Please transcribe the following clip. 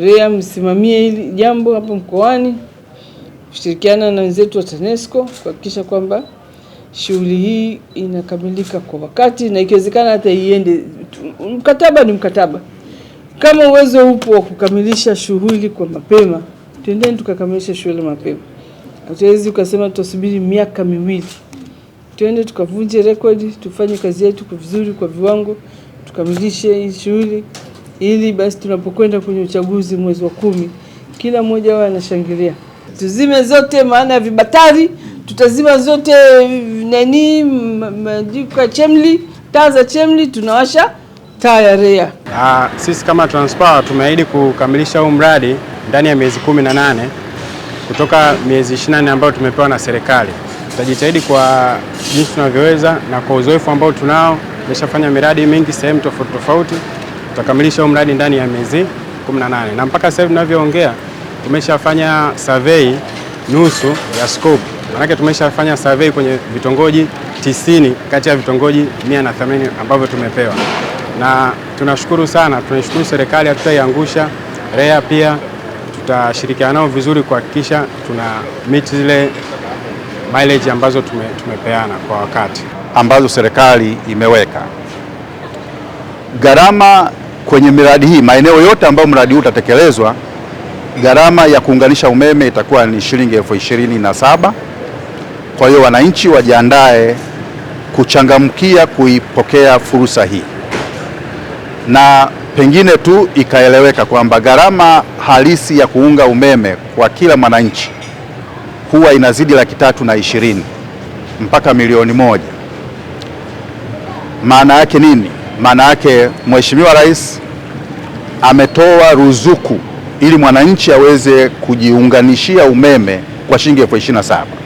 REA msimamie hili jambo hapo mkoani, kushirikiana na wenzetu wa TANESCO kuhakikisha kwamba shughuli hii inakamilika kwa wakati na ikiwezekana hata iende. Mkataba ni mkataba. Kama uwezo upo wa kukamilisha shughuli kwa mapema, tuendeni tukakamilisha shughuli mapema. Hatuwezi ukasema tutasubiri miaka miwili. Tuende tukavunje rekodi, tufanye kazi yetu kwa vizuri, kwa viwango, tukamilishe hii shughuli ili basi tunapokwenda kwenye uchaguzi mwezi wa kumi, kila mmoja wao anashangilia. Tuzime zote maana ya vibatari, tutazima zote nani majiko chemli, taa za chemli, tunawasha taa ya REA. Ah, sisi kama Transpower tumeahidi kukamilisha huu mradi ndani ya miezi kumi na nane kutoka miezi 24 ambayo tumepewa na serikali. Tutajitahidi kwa jinsi tunavyoweza na kwa uzoefu ambao tunao, tumeshafanya miradi mingi sehemu tofauti tofauti tutakamilisha huu mradi ndani ya miezi 18 na mpaka sasa hivi tunavyoongea tumeshafanya survey nusu ya scope. Maanake tumeshafanya survey kwenye vitongoji tisini kati ya vitongoji 180 ambavyo tumepewa, na tunashukuru sana, tunashukuru serikali, hatutaiangusha REA. Pia tutashirikiana nao vizuri kuhakikisha tuna meet zile mileage ambazo tume, tumepeana kwa wakati ambazo serikali imeweka gharama kwenye miradi hii, maeneo yote ambayo mradi huu utatekelezwa, gharama ya kuunganisha umeme itakuwa ni shilingi elfu ishirini na saba. Kwa hiyo wananchi wajiandae kuchangamkia kuipokea fursa hii, na pengine tu ikaeleweka kwamba gharama halisi ya kuunga umeme kwa kila mwananchi huwa inazidi laki tatu na ishirini mpaka milioni moja. Maana yake nini? Maana yake Mheshimiwa Rais ametoa ruzuku ili mwananchi aweze kujiunganishia umeme kwa shilingi elfu ishirini na saba.